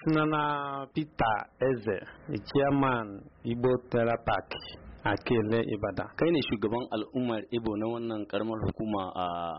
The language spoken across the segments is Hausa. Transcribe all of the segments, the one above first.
Sinana Peter Eze, a chairman Igbo a kele ibada kai ne shugaban al'ummar ibo na wannan karamar hukuma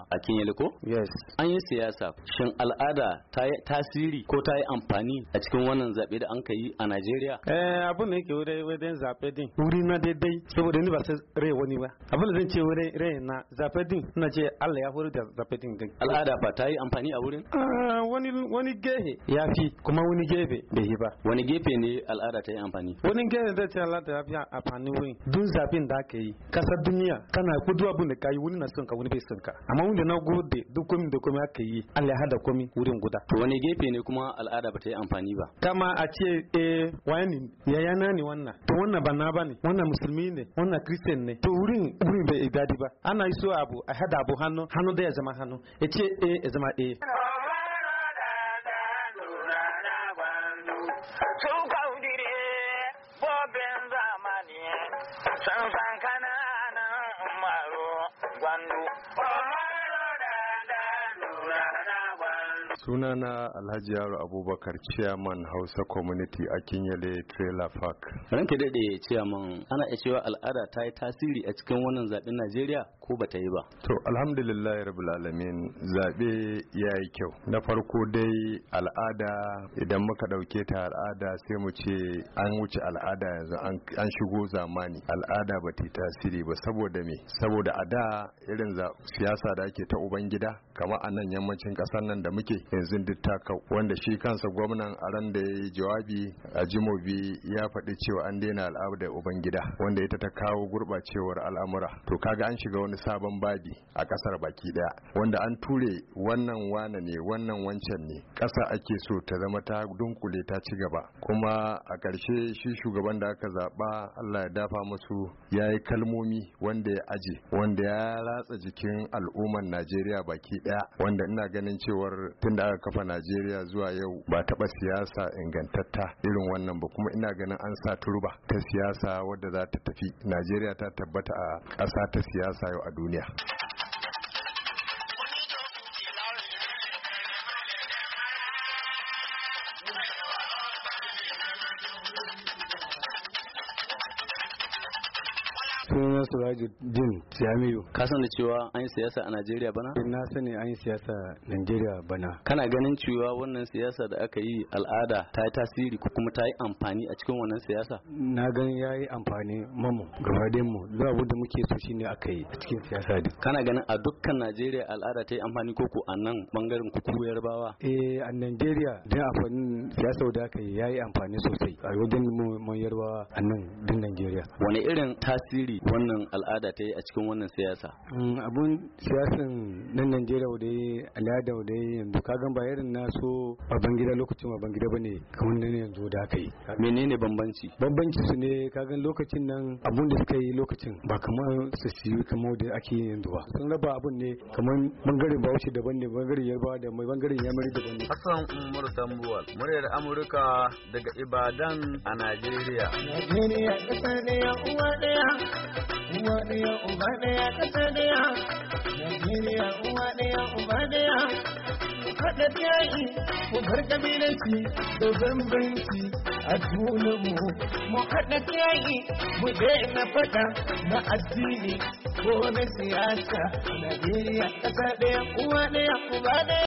a kinyele yes an yi siyasa shin al'ada ta yi tasiri ko ta yi amfani a cikin wannan zaɓe da an ka yi a najeriya eh abu ne ke wurin wajen zaɓe din wuri na daidai saboda ni ba sai rai wani ba abu da zan ce wurin rai na zaɓe din na ce allah ya hori da zaɓe din din al'ada ba ta yi amfani a wurin ah, wani wani gefe ya fi kuma wani gefe bai yi ba wani gefe ne al'ada ta yi amfani wani gefe zai ce al'ada ya fi amfani wurin dun zafin da aka yi kasar duniya kana ku duk abin da ka wani na son ka wani bai son ka amma wanda na gode duk komi da komi aka yi Allah ya hada komi wurin guda to wani gefe ne kuma al'ada ba ta yi amfani ba kama a ce eh wani yana ne wannan to wannan ba na ba ne wannan musulmi ne wannan kristiyan ne to wurin wurin bai dadi ba ana yi so abu a hada abu hannu hannu da ya zama hannu ya ce eh ya zama eh Tun di sun kananan maro gwandu sunana alhaji yaro abubakar chairman hausa community a kinyale trailer park ranke daɗe chairman ana iya cewa al'ada ta yi tasiri a cikin wannan zaɓen najeriya ko bata yi ba to alhamdulillah rabbil zaɓe ya yi kyau na farko dai al'ada idan muka ɗauke ta al'ada sai mu ce an wuce al'ada yanzu an shigo zamani al'ada ba ta tasiri ba saboda me saboda a da irin siyasa da ake ta ubangida kamar a nan yammacin ƙasar nan da muke yanzu duk ta wanda shi kansa gwamnan a ran da ya yi jawabi a jimobi ya faɗi cewa an daina al'ada ubangida wanda ita ta kawo gurɓacewar al'amura to kaga an shiga wani sabon babi a kasar baki daya wanda an ture wannan wane ne wannan wancan ne kasa ake so ta zama ta dunkule ta ci gaba kuma a ƙarshe shi shugaban da aka zaɓa allah ya dafa musu ya yi kalmomi wanda ya aje wanda ya ratsa jikin al'ummar najeriya baki daya wanda ina ganin cewar tun da aka kafa najeriya zuwa yau ba taɓa siyasa ingantatta irin wannan ba kuma ina ganin an sa turba ta siyasa wadda za ta tafi najeriya ta tabbata a ƙasa ta siyasa yau a duniya sunana din Jamiu. Ka sani cewa an yi siyasa a Najeriya bana? Eh, na sani an yi siyasa Najeriya bana. Kana ganin cewa wannan siyasa da aka yi al'ada ta yi tasiri ko kuma ta yi amfani a cikin wannan siyasa? Na ganin ya yi amfani mamu gabaɗin mu zuwa wanda muke so shine aka yi a cikin siyasa din. Kana ganin a dukkan Najeriya al'ada ta yi amfani ko ko a nan bangaren kuku yarbawa? Eh a Najeriya da amfanin siyasa da aka yi ya yi amfani sosai a wajen mu yarbawa a nan din Najeriya. Wani irin tasiri wannan al'ada ta yi a cikin wannan siyasa mm, abun siyasan nan najeriya yi al'ada wadai yanzu kagan ba irin na so baban gida lokacin baban gida bane kamar nan yanzu da aka yi menene bambanci bambanci su ne kagan lokacin nan abun da suka yi lokacin ba kamar su siyu kamar da ake yi yanzu ba sun raba abun ne kamar bangaren bauchi daban ne bangaren yarbawa da mai bangaren yamari daban ne hassan umar sambuwal muryar amurka daga ibadan a najeriya ne uwa uwa ɗaya uba ɗaya ƙasa ɗaya Najeriya uwa ɗaya uba ɗaya haɗa yaƙi mu bar ƙabilanci da bambanci a junanmu mu haɗa yaƙi mu daina faɗa na addini ko na siyasa Najeriya ƙasa ɗaya uwa ɗaya uba ɗaya